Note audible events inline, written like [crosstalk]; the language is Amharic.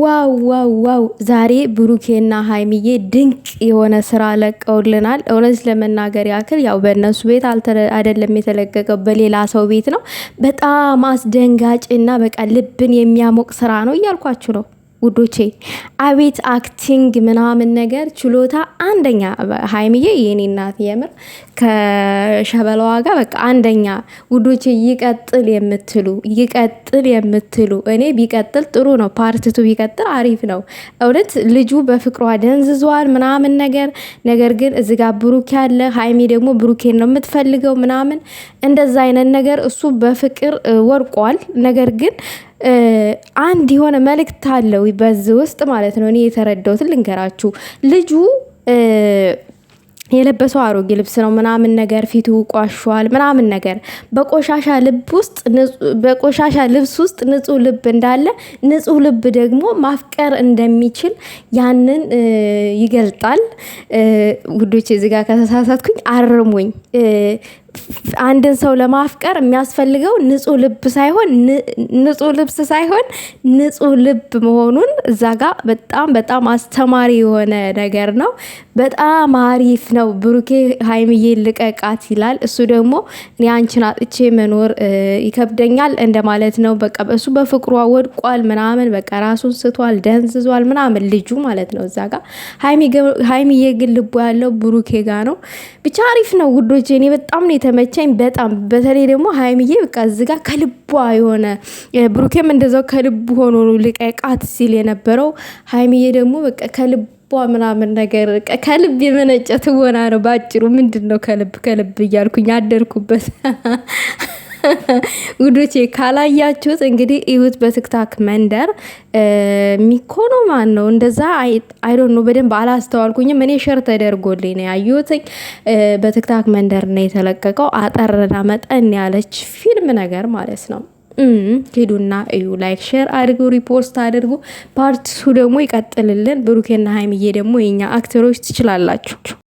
ዋው ዋው ዋው! ዛሬ ብሩኬና ሀይሚዬ ድንቅ የሆነ ስራ ለቀውልናል። እውነት ለመናገር ያክል ያው በእነሱ ቤት አይደለም የተለቀቀው በሌላ ሰው ቤት ነው። በጣም አስደንጋጭ እና በቃ ልብን የሚያሞቅ ስራ ነው እያልኳችሁ ነው። ውዶቼ አቤት አክቲንግ ምናምን ነገር ችሎታ አንደኛ ሀይምዬ የኔ እናት የምር ከሸበላዋ ጋር በቃ አንደኛ ውዶቼ። ይቀጥል የምትሉ ይቀጥል የምትሉ እኔ ቢቀጥል ጥሩ ነው። ፓርትቱ ቢቀጥል አሪፍ ነው። እውነት ልጁ በፍቅሯ ደንዝዟል ምናምን ነገር ነገር ግን እዚ ጋር ብሩኬ ያለ ሀይሚ ደግሞ ብሩኬን ነው የምትፈልገው ምናምን እንደዛ አይነት ነገር እሱ በፍቅር ወርቋል ነገር ግን አንድ የሆነ መልእክት አለው በዚህ ውስጥ ማለት ነው። እኔ የተረዳሁትን ልንገራችሁ። ልጁ የለበሰው አሮጌ ልብስ ነው ምናምን ነገር ፊቱ ቋሸዋል ምናምን ነገር። በቆሻሻ ልብ ውስጥ በቆሻሻ ልብስ ውስጥ ንጹህ ልብ እንዳለ ንጹህ ልብ ደግሞ ማፍቀር እንደሚችል ያንን ይገልጣል። ውዶች እዚህ ጋር ከተሳሳትኩኝ አርሙኝ። አንድን ሰው ለማፍቀር የሚያስፈልገው ንጹህ ልብ ሳይሆን ንጹህ ልብስ ሳይሆን ንጹህ ልብ መሆኑን እዛ ጋ በጣም በጣም አስተማሪ የሆነ ነገር ነው። በጣም አሪፍ ነው። ብሩኬ ሀይምዬ ልቀቃት ይላል። እሱ ደግሞ እኔ አንቺን አጥቼ መኖር ይከብደኛል እንደማለት ነው። በቃ እሱ በፍቅሯ ወድቋል ምናምን በቃ ራሱን ስቷል፣ ደንዝዟል ምናምን ልጁ ማለት ነው። እዛ ጋ ሀይምዬ ግን ልቦ ያለው ብሩኬ ጋ ነው። ብቻ አሪፍ ነው ውዶቼ። እኔ በጣም ነው የተመቸኝ በጣም በተለይ ደግሞ ሀይምዬ በቃ እዚጋ ከልቧ የሆነ ብሩኬም እንደዛው ከልቡ ሆኖ ልቀቃት ሲል የነበረው ሀይምዬ ደግሞ በቃ ከልቧ ምናምን ነገር ከልብ የመነጨ ትወና ነው። በአጭሩ ምንድን ነው ከልብ ከልብ እያልኩኝ አደርኩበት። [laughs] [laughs] ውዶቼ ካላያችሁት እንግዲህ እዩት። በትክታክ መንደር ሚኮኖ ማን ነው እንደዛ አይዶን ነው በደንብ አላስተዋልኩኝም። እኔ ሸር ተደርጎልኝ ነው ያዩትኝ። በትክታክ መንደር ነው የተለቀቀው። አጠርና መጠን ያለች ፊልም ነገር ማለት ነው። ሂዱና እዩ። ላይክ ሼር አድርጉ፣ ሪፖርት አድርጉ። ፓርቲሱ ደግሞ ይቀጥልልን። ብሩኬና ሀይምዬ ደግሞ የኛ አክተሮች ትችላላችሁ።